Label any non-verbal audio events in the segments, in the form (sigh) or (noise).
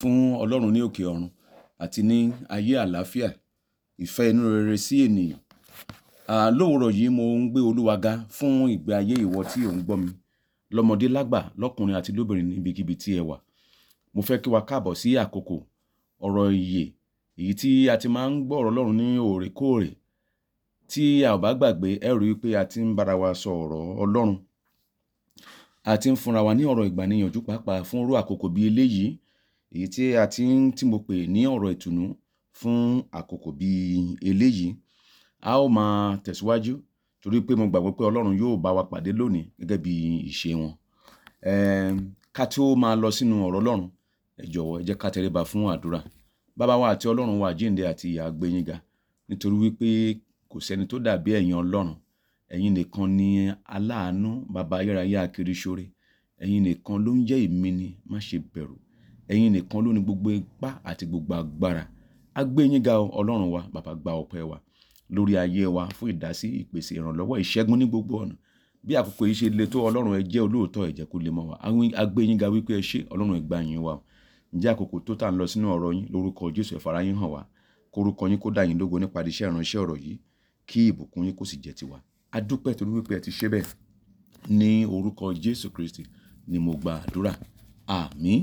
fún ọlọ́run ní òkè ọ̀run àti ní ayé àlàáfíà ìfẹ́ inú rere sí ènìyàn lówùrọ̀ yìí mo ń gbé olúwa ga fún ìgbé ayé ìwọ tí ò ń gbọ́ mi lọ́mọdé lágbà lọ́kùnrin àti lóbìnrin níbikíbi tí ẹ wà mo fẹ́ kí wa káàbọ̀ sí àkókò ọ̀rọ̀ ìyè èyí tí a ti máa ń gbọ́ ọ̀rọ̀ ọlọ́run ní òòrèkóòrè tí a ò bá gbàgbé ẹ rí a ti ń bára wa sọ ọ̀rọ̀ ọlọ́run a ti ń fúnra wa ní ọ̀rọ̀ ìgbàniyànjú pàápàá fún irú àkókò bíi eléyìí èyí tí a ti ń tí mo pè ní ọ̀rọ̀ ìtùnú fún àkókò bí eléyìí a ó máa tẹ̀síwájú torí pé mo gbàgbọ́ pé Ọlọ́run yóò bá wa pàdé lónìí gẹ́gẹ́ bí ìṣe wọn ká tí máa lọ sínú ọ̀rọ̀ Ọlọ́run ẹ jọ̀wọ́ ẹ jẹ́ ká tẹríba fún àdúrà bàbá wa àti Ọlọ́run wa àjíǹde àti ìyá gbẹ̀yìngà nítorí wípé kò sẹ́ni tó dàbí ẹ̀yin Ọlọ́run ẹ̀yin nìkan ni aláàánú bàbá ayérayé akiri ṣoore ẹ̀yin nìkan ló ń jẹ́ ìmíní má ṣe bẹ̀rù ẹ̀yin nìkan ló ní gbogbo ipá àti gbogbo agbára a gbé yín ga ọlọ́run wa bàbá gba ọpẹ́ wa lórí ayé wa fún ìdásí ìpèsè ìrànlọ́wọ́ ìṣẹ́gun ní gbogbo ọ̀nà bí àkókò yìí ṣe le tó ọlọ́run ẹ jẹ́ olóòótọ́ ẹ jẹ́ kó lè mọ̀ wá a yín ga wípé ẹ ṣé ọlọ́run ẹ gbà yín wa ǹjẹ́ àkókò tó tà ń lọ sínú ọ̀rọ̀ yín lórúkọ jésù ẹ fara yín hàn wá kórúkọ yín kó dà yín lógo nípa iṣẹ́ ìránṣẹ́ ọ̀rọ̀ yìí kí ìbùkún yín kó sì jẹ́ tiwa a torí wípé ẹ ti ṣe bẹ́ẹ̀ ní orúkọ jésù kristi ni mo gba àdúrà àmín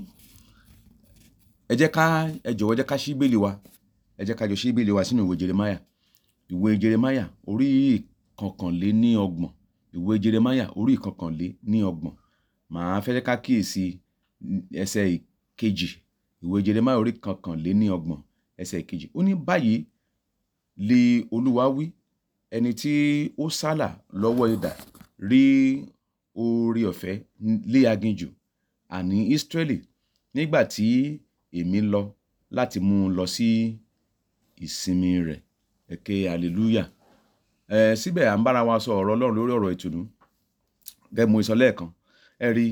ẹ jẹ́ ká ẹ jọ̀wọ́ ẹ jẹ́ ká ṣí bèlè wa ẹ jẹ́ ká jọ ṣí bèlè wa sínú ìwé jeremaya ìwé jeremaya orí ìkọkànlé ní ọgbọ̀n ìwé jeremaya orí ìkọkànlé ní ọgbọ̀n màá fẹ́ ká kíyèsí ẹsẹ̀ ìkejì ìwé jeremaya orí ìkọkànlé ní ọgbọ̀n ẹsẹ̀ ìkejì ó ní báyìí lè olúwa wí ẹni tí ó sálà lọ́wọ́ idà rí oore ọ̀fẹ́ lé aginjù àní Ísírẹ́lì nígbà tí èmi lọ láti mú un lọ sí ìsinmi rẹ̀ ẹ̀kẹ́ hallelujah ẹ̀ síbẹ̀ à ń bára wa sọ ọ̀rọ̀ ọlọ́run lórí ọ̀rọ̀ ìtùnú gẹ́gẹ́ mo sọ lẹ́ẹ̀kan ẹ rí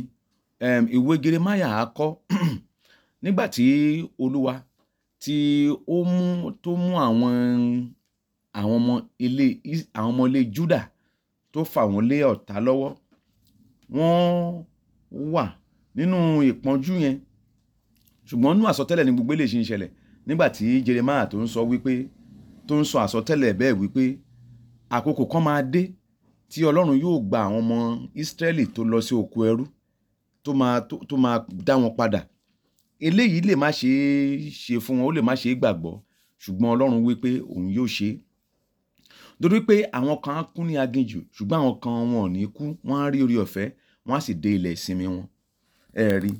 ìwé Jeremáyà akọ (clears throat) nígbà tí olúwa tí ó mú tó mú àwọn ọmọ ilé àwọn ọmọ ilé Júdà tó fà wọ́n lé ọ̀tá lọ́wọ́ wọ́n wà nínú ìpọ́njú yẹn ṣùgbọ́n nú àsọtẹ́lẹ̀ ni gbogbo eléyìí ń ṣẹlẹ̀ nígbà tí Jeremiah tó ń sọ wípé tó ń sọ àsọtẹ́lẹ̀ bẹ́ẹ̀ wípé àkókò kan máa dé tí Ọlọ́run yóò gba àwọn ọmọ Ísírẹ́lì tó lọ sí oko ẹrú tó máa tó máa dá wọn padà eléyìí lè má ṣe é ṣe fún wọn ó lè má ṣe é gbàgbọ́ ṣùgbọ́n Ọlọ́run wípé òun yóò ṣe é torí pé àwọn kan á kú ní aginjù ṣùgbọ́n àwọn kan wọn ò ní kú wọ́n á rí orí ọ̀fẹ́ wọ́n á sì dé ilẹ̀ ìsinmi wọn ẹ̀ẹ́rì. Eh,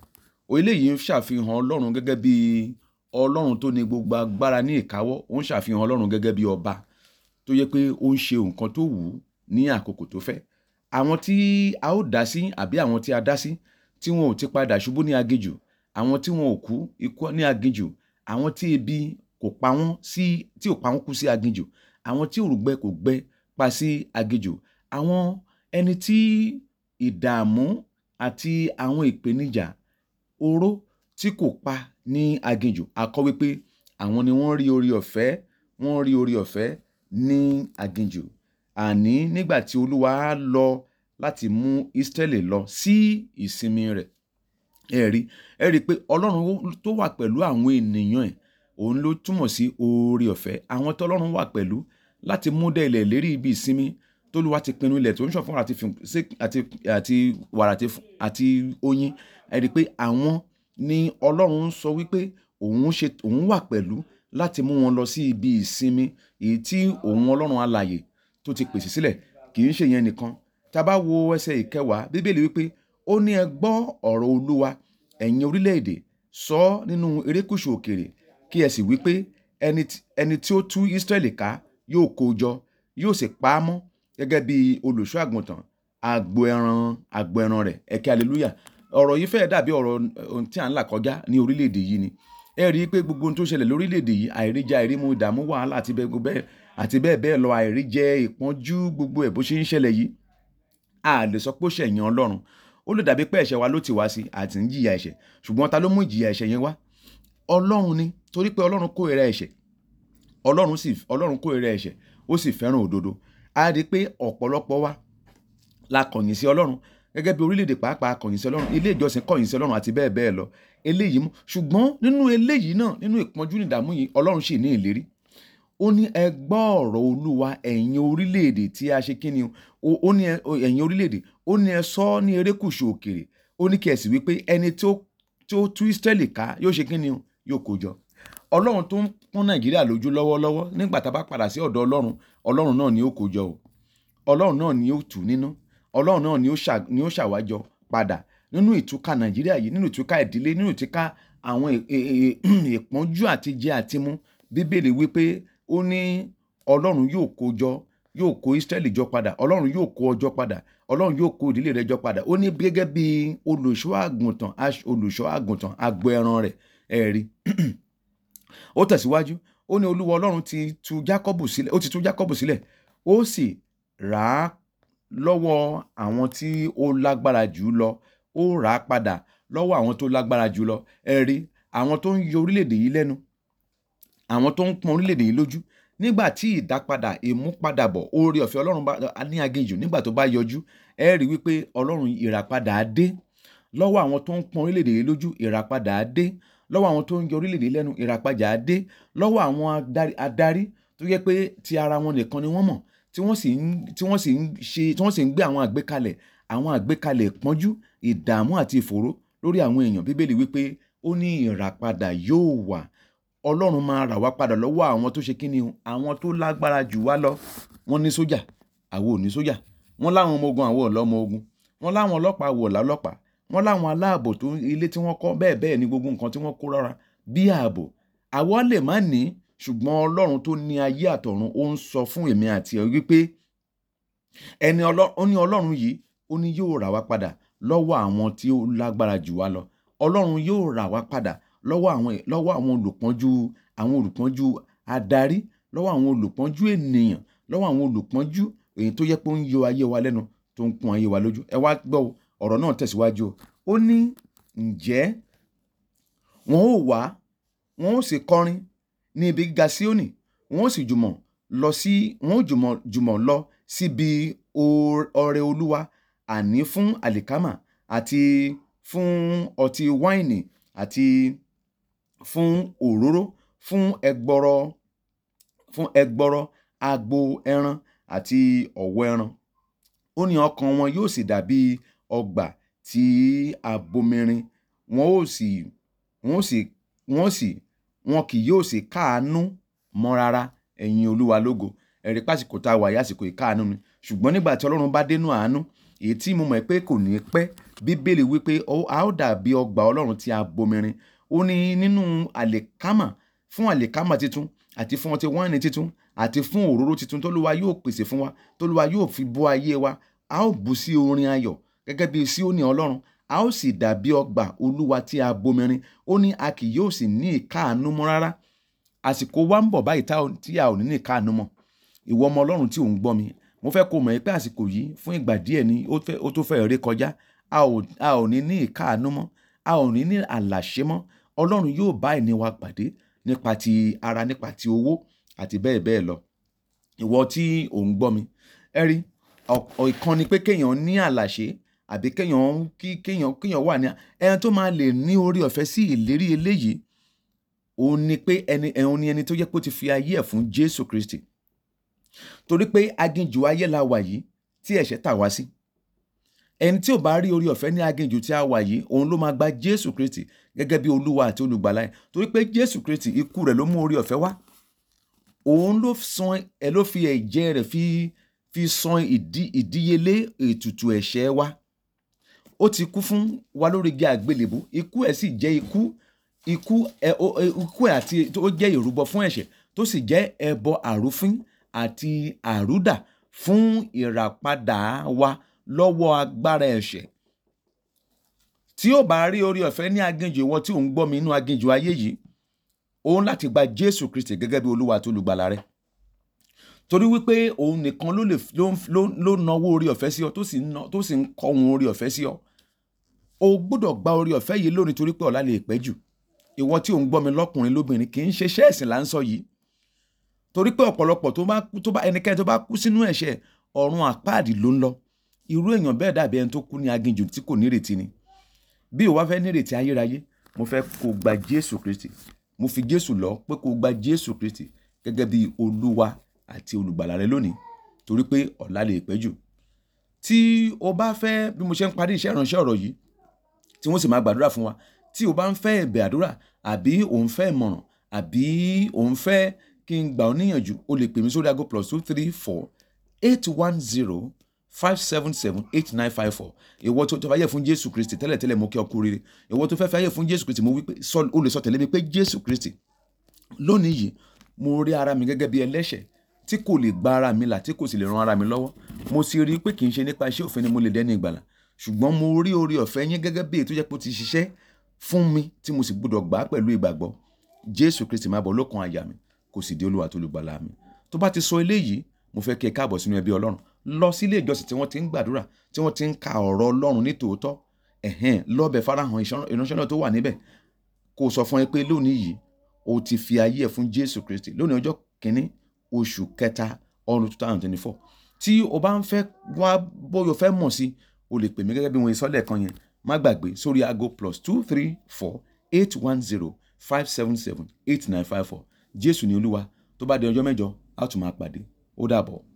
eléyìí ń ṣàfihàn ọlọ́run gẹ́gẹ́ bí ọlọ́run tó ní gbogbo agbára ní ìkáwọ́ ó ń ṣàfihàn ọlọ́run gẹ́gẹ́ bí ọba tó yẹ pé ó ń ṣe nǹkan tó wù ú ní àkókò tó fẹ́ àwọn tí a ó dá sí àbí àwọn tí a dá sí tí wọn ò ti padà ṣubú ní aginjù àwọn tí wọn ò kú ikú ní aginjù àwọn tí ebi kò pa wọ́n sí tí ò pa wọ́n kú sí aginjù àwọn tí òrùgbẹ kò gbẹ pa sí aginjù àwọn ẹni tí ìdààmú àti àwọn ìpèníjà oró tí kò pa ní aginjù a wípé àwọn ni wọ́n rí orí ọ̀fẹ́ wọ́n rí orí ọ̀fẹ́ ní aginjù àní nígbà tí olúwa á lọ láti mú Ísírẹ́lì lọ sí ìsinmi rẹ̀ ẹ rí ẹ rí i pé ọlọ́run tó wà pẹ̀lú àwọn ènìyàn ẹ̀ òun ló túmọ̀ sí oore ọ̀fẹ́ àwọn tọ́lọ́run wà pẹ̀lú láti mú dé lérí ibi ìsinmi tólúwa ti pinnu ilẹ̀ tó ń ṣọ̀fún àti àti wàrà àti oyin ẹ rí i pé àwọn ni ọlọ́run sọ wípé òun ṣe òun wà pẹ̀lú láti mú wọn lọ sí ibi ìsinmi èyí tí òun ọlọ́run alàyè tó ti pèsè sílẹ̀ kì í ṣe yẹn nìkan tá a bá wo ẹsẹ̀ ìkẹwàá bíbélì wípé ó ní ẹ gbọ́ ọ̀rọ̀ olúwa ẹ̀yin orílẹ̀-èdè sọ ọ́ nínú erékùṣù òkèrè kí ẹ sì wípé ẹni tí ó tú Ísírẹ́lì ká yóò kó jọ yóò sì pa á mọ́ gẹ́gẹ́ bí olùṣọ́ àgùntàn agbo ẹran agbo ẹran rẹ̀ ẹ̀kẹ́ aleluya ọ̀rọ̀ yìí fẹ́ẹ́ dàbí ọ̀rọ̀ ohun tí à ń là kọjá ní orílẹ̀-èdè yìí ni ẹ rí i pé gbogbo ohun tó ṣẹlẹ̀ lórílẹ̀-èdè yìí àìríjà àìrímu ìdààmú wàhálà àti bẹ́ẹ̀ bẹ́ẹ̀ àti bẹ́ẹ̀ bẹ́ẹ̀ lọ àìríjẹ ìpọ́njú gbogbo ẹ̀ bó ṣe ń ṣẹlẹ̀ yìí a lè sọ pé ó ṣẹ̀yìn ọlọ́run ó lè dàbí pé ẹ̀ṣẹ̀ wa ló ti wá sí àti ń jìyà ẹ̀ṣẹ̀ ṣùgbọ́n ta ló mú ìjìyà ẹ̀ṣẹ̀ yẹn wá ọlọ́run ni torí pé ọlọ́run kórìíra ẹ̀ṣẹ̀ ọlọ́run sì ọlọ́run ẹ̀ṣẹ̀ ó sì fẹ́ràn òdodo a rí i pé ọ̀pọ̀lọpọ̀ wa la kọ̀yìn sí ọlọ́run gẹ́gẹ́ bí orílẹ̀-èdè pàápàá kọ̀yìn sí ọlọ́run ilé ìjọsìn kọ̀yìn sí ọlọ́run àti bẹ́ẹ̀ bẹ́ẹ̀ lọ eléyìí mú ṣùgbọ́n nínú eléyìí náà nínú ìpọ́njú nìdààmú yìí ọlọ́run sì ní ìlérí ó ní ẹ gbọ́ ọ̀rọ̀ olúwa ẹ̀yin orílẹ̀-èdè tí a ṣe kíni ó ní ẹ̀yin orílẹ̀-èdè ó ní ẹ sọ ní erékùṣù òkèrè ó ní kí ẹ ẹni tó tú Ísírẹ́lì ká yóò ṣe kíni yóò kó jọ ọlọ́run tó ń pọ́n nàìjíríà lójú lọ́wọ́lọ́wọ́ nígbà tá a bá padà sí ọ̀dọ̀ ọlọ́run ọlọ́run náà ni ó kó jọ o ọlọ́run náà ni ó tù nínú ọlọ́run náà ni ó ṣàwájọ padà nínú ìtúká nàìjíríà yìí nínú ìtúká ìdílé nínú ìtúká àwọn e, e, e, (clears throat) ìpọ́njú àti jẹ àti mu bíbélì wípé ó ní ọlọ́run yóò kó jọ yóò kó israẹli jọ padà ọlọ́run yóò kó ọjọ́ padà ọlọ́run yóò kó ìdílé rẹ jọ padà ó ní gẹ́gẹ́ bí olùṣọ́ àgùntàn olùṣọ́ àgùntàn agbo rẹ̀ ẹ̀rí (clears throat) ó tẹ̀síwájú ó ní olúwa ọlọ́run ti tú jákọ́bù sílẹ̀ ó ti tú jákọ́bù sílẹ̀ ó sì rà á lọ́wọ́ àwọn tí ó lágbára jù lọ ó rà á padà lọ́wọ́ àwọn tó lágbára jù lọ ẹ rí àwọn tó ń yọ orílẹ̀-èdè yìí lẹ́nu àwọn tó ń pọn orílẹ̀-èdè yìí lójú nígbà tí ìdápadà ìmúpadàbọ̀ oore ọ̀fẹ́ ọlọ́run bá ní agejù nígbà tó bá yọjú ẹ rí wípé ọlọ́run ìràpadà á dé lọ́wọ́ àwọn tó ń pọn orílẹ̀-èdè yìí lójú ìràpadà á dé lọ́wọ́ àwọn tó ń yọ orílẹ̀-èdè lẹ́nu ìràpadà dé lọ́wọ́ àwọn adarí tó yẹ pé ti ara wọn nìkan ni wọ́n mọ̀ tí wọ́n sì ń tí wọ́n sì ń ṣe tí wọ́n sì ń gbé àwọn àgbékalẹ̀ àwọn àgbékalẹ̀ ìpọ́njú ìdààmú àti ìfòòró lórí àwọn èèyàn bíbélì wípé ó ní ìràpadà yóò wà ọlọ́run máa rà wá padà lọ́wọ́ àwọn tó ṣe kíni àwọn tó lágbára jù wá lọ wọ́n ní sójà àwọn ò ní sójà wọ́n láwọn ọmọ ogun àwọn ọ̀lọ́mọ ogun wọ́n láwọn ọlọ́pàá àwọn ọ̀lá ọlọ́pàá wọ́n láwọn aláàbò tó ilé tí wọ́n kọ́ bẹ́ẹ̀ bẹ́ẹ̀ ni gbogbo nǹkan tí wọ́n kó rárá bí ààbò àwa lè má ní ṣùgbọ́n ọlọ́run tó ní ayé àtọ̀run ó ń sọ fún èmi àti ọ wípé ẹni ó ní ọlọ́run yìí ó ní yóò rà wá padà lọ́wọ́ àwọn tí ó lágbára jù wá lọ ọlọ́run yóò rà wá padà lọ́wọ́ àwọn olùpọ́njú àwọn olùpọ́njú adarí lọ́wọ́ àwọn olùpọ́njú ènìyàn lọ́wọ́ àwọn olùpọ́njú èyí tó yẹ pé ó ń yọ ayé wa lẹ́nu tó ń kún ayé wa lójú ẹ wá gbọ́ o ọ̀rọ̀ náà tẹ̀síwájú ó ní ǹjẹ́ wọn ó wá wọn ó sì kọrin ní ibi gíga Síónì wọn ó sì jùmọ̀ lọ sí wọn ó jùmọ̀ jùmọ̀ lọ síbi ọrẹ Olúwa àní fún àlìkámà àti fún ọtí wáìnì àti fún òróró fún ẹgbọrọ fún ẹgbọrọ agbo ẹran àti ọ̀wọ́ ẹran ó ní ọkàn wọn yóò sì dàbí ọgbà tí a bomirin wọn ó sì wọn ó sì wọn ó sì wọn kì yóò sì káàánú mọ́ rárá ẹ̀yin olúwa lógo ẹ̀rí pásìkò tá a wà yásìkò ìkáàánú ni ṣùgbọ́n nígbà tí ọlọ́run bá dénú àánú èyí tí mo mọ̀ pé kò ní pẹ́ bíbélì wípé a ó dàbí ọgbà ọlọ́run tí a bomirin ó ní nínú àlèkámà fún àlèkámà titun àti fún ọtí wáìnì titun àti fún òróró titun tólúwa yóò pèsè fún wa tólúwa yóò fi bọ́ ayé wa a ó bù sí orin ayọ̀ gẹ́gẹ́ bí Síónì Ọlọ́run a ó sì dàbí ọgbà Olúwa tí a bomirin ó ní a kì yóò sì ní ìkáàánú mọ́ rárá àsìkò wa ń bọ̀ báyìí tí a ò ní ní ìkáàánú mọ́ ìwọ ọmọ Ọlọ́run tí ò ń gbọ́ mi mo fẹ́ kó mọ̀ pé àsìkò yìí fún ìgbà díẹ̀ ni ó tó fẹ́ ré kọjá a ò ní ní ìkáàánú mọ́ a ò ní ní àlàṣe mọ́ Ọlọ́run yóò bá ìní wa pàdé nípa ti ara nípa ti owó àti bẹ́ẹ̀ bẹ́ẹ̀ lọ ìwọ tí ò ń gbọ́ mi ẹ rí ìkan pé kéèyàn ní àlàṣe àbí kéèyàn kí kéèyàn kéèyàn wà ní ẹni tó máa lè ní orí ọ̀fẹ́ sí ìlérí eléyìí òun ni pé ẹni ẹ̀hún ni ẹni tó yẹ kó ti fi ayé ẹ̀ fún Jésù Kristi torí pé aginjù ayé la wà yìí tí ẹ̀ṣẹ̀ tà wá sí ẹni tí ò bá rí orí ọ̀fẹ́ ní aginjù tí a wà yìí òun ló máa gba Jésù Kristi gẹ́gẹ́ bí olúwa àti olùgbàlà ẹ̀ torí pé Jésù Kristi ikú rẹ̀ ló mú orí ọ̀fẹ́ wá òun ló san ẹ ló fi ẹ̀jẹ̀ rẹ̀ fi fi san ìdíyelé ètùtù ẹ̀ṣẹ̀ wa ó ti kú fún wa lórí igi àgbélébú ikú ẹ̀ sì jẹ́ ikú ikú ẹ̀ ikú ẹ̀ àti ó jẹ́ ìrúbọ fún ẹ̀ṣẹ̀ tó sì jẹ́ ẹbọ àrúfín àti àrúdà fún ìràpadà wa lọ́wọ́ agbára ẹ̀ṣẹ̀ tí ó bá rí orí ọ̀fẹ́ ní aginjù ìwọ tí ò ń gbọ́ mi inú aginjù ayé yìí òun láti gba Jésù Kristi gẹ́gẹ́ bí Olúwa tó lùgbàlà rẹ̀ torí wípé òun nìkan ló lè ló náwó orí ọ̀fẹ́ sí ọ tó sì ń kọ́ ohun orí ọ̀fẹ́ sí ọ o gbọ́dọ̀ gba orí ọ̀fẹ́ yìí lónìí torí pé ọ̀la lè pẹ́ jù ìwọ tí ò ń gbọ́ mi lọ́kùnrin lóbìnrin kì í ṣe iṣẹ́ ẹ̀sìn là ń sọ yìí torí pé ọ̀pọ̀lọpọ̀ tó bá kú tó bá ẹnikẹ́ni tó bá kú sínú ẹ̀ṣẹ̀ ọ̀run àpáàdì ló ń lọ irú èèyàn bẹ́ẹ̀ dàbí ẹni tó kú ní aginjù tí kò nírètí ni bí o fẹ́ nírètí ayérayé mo fẹ́ kó gba Jésù Kristi mo fi Jésù lọ pé kó gba Jésù Kristi gẹ́gẹ́ bí olúwa àti olùgbàlà rẹ lónìí torí pé ọ̀la lè pẹ́ jù tí o bá fẹ́ bí mo ṣe ń parí iṣẹ́ ìránṣẹ́ ọ̀rọ̀ yìí tí wọ́n sì máa gbàdúrà fún wa tí o bá ń fẹ́ ẹ̀bẹ̀ àdúrà àbí o ń fẹ́ ìmọ̀ràn àbí o ń fẹ́ kí n gbà ọ́ níyànjú o lè pè mí sórí aago plus two three four eight one zero five seven seven eight nine five four ìwọ tó fẹ́ yẹ fún jésù kristi tẹ́lẹ̀tẹ́lẹ̀ mo kí ọ kú rere ìwọ tó fẹ́ fẹ́ yẹ fún jésù kristi mo wí pé o lè mi pé jésù kristi lónìí yìí mo rí ara mi gẹ́gẹ́ bí ẹlẹ́ṣẹ̀ tí kò lè gba ara mi là tí kò sì lè ran ara mi lọ́wọ́ mo sì rí i pé kì í ṣe nípa iṣẹ́ òfin ni mo lè dẹni ìgbàlà ṣùgbọ́n mo rí oore ọ̀fẹ́ yín gẹ́gẹ́ bí èyí tó jẹ́ pé ó ti ṣiṣẹ́ fún mi tí mo sì gbọ́dọ̀ gbà á pẹ̀lú ìgbàgbọ́ Jésù Kristi máa bọ̀ lọ́kàn àyà mi kò sì di Olúwa tó lùgbàlà mi tó bá ti sọ eléyìí mo fẹ́ kí ẹ káàbọ̀ sínú ẹbí Ọlọ́run lọ sí ilé ìjọsìn tí wọ́n ti ń gbàdúrà tí wọ́n ti ń ka ọ̀rọ̀ Ọlọ́run ní tòótọ́ ẹ̀hẹ́n lọ́bẹ̀ farahàn ìránṣẹ́ náà tó wà níbẹ̀ kò sọ fún ẹ pé lónìí yìí o ti fi ayé ẹ fún Jésù Kristi lónìí ọjọ́ kìíní oṣù kẹta ọdún two thousand twenty four tí o bá ń fẹ́ wá bóyá o fẹ́ mọ̀ sí o lè pè mí gẹ́gẹ́ bí wọ́n sọ lẹ́ẹ̀kan yẹn má gbàgbé sórí aago plus two three four eight one zero five seven seven eight nine five four jésù ni olúwa tó bá di ọjọ́ mẹ́jọ a tún máa pàdé ó dàbọ̀.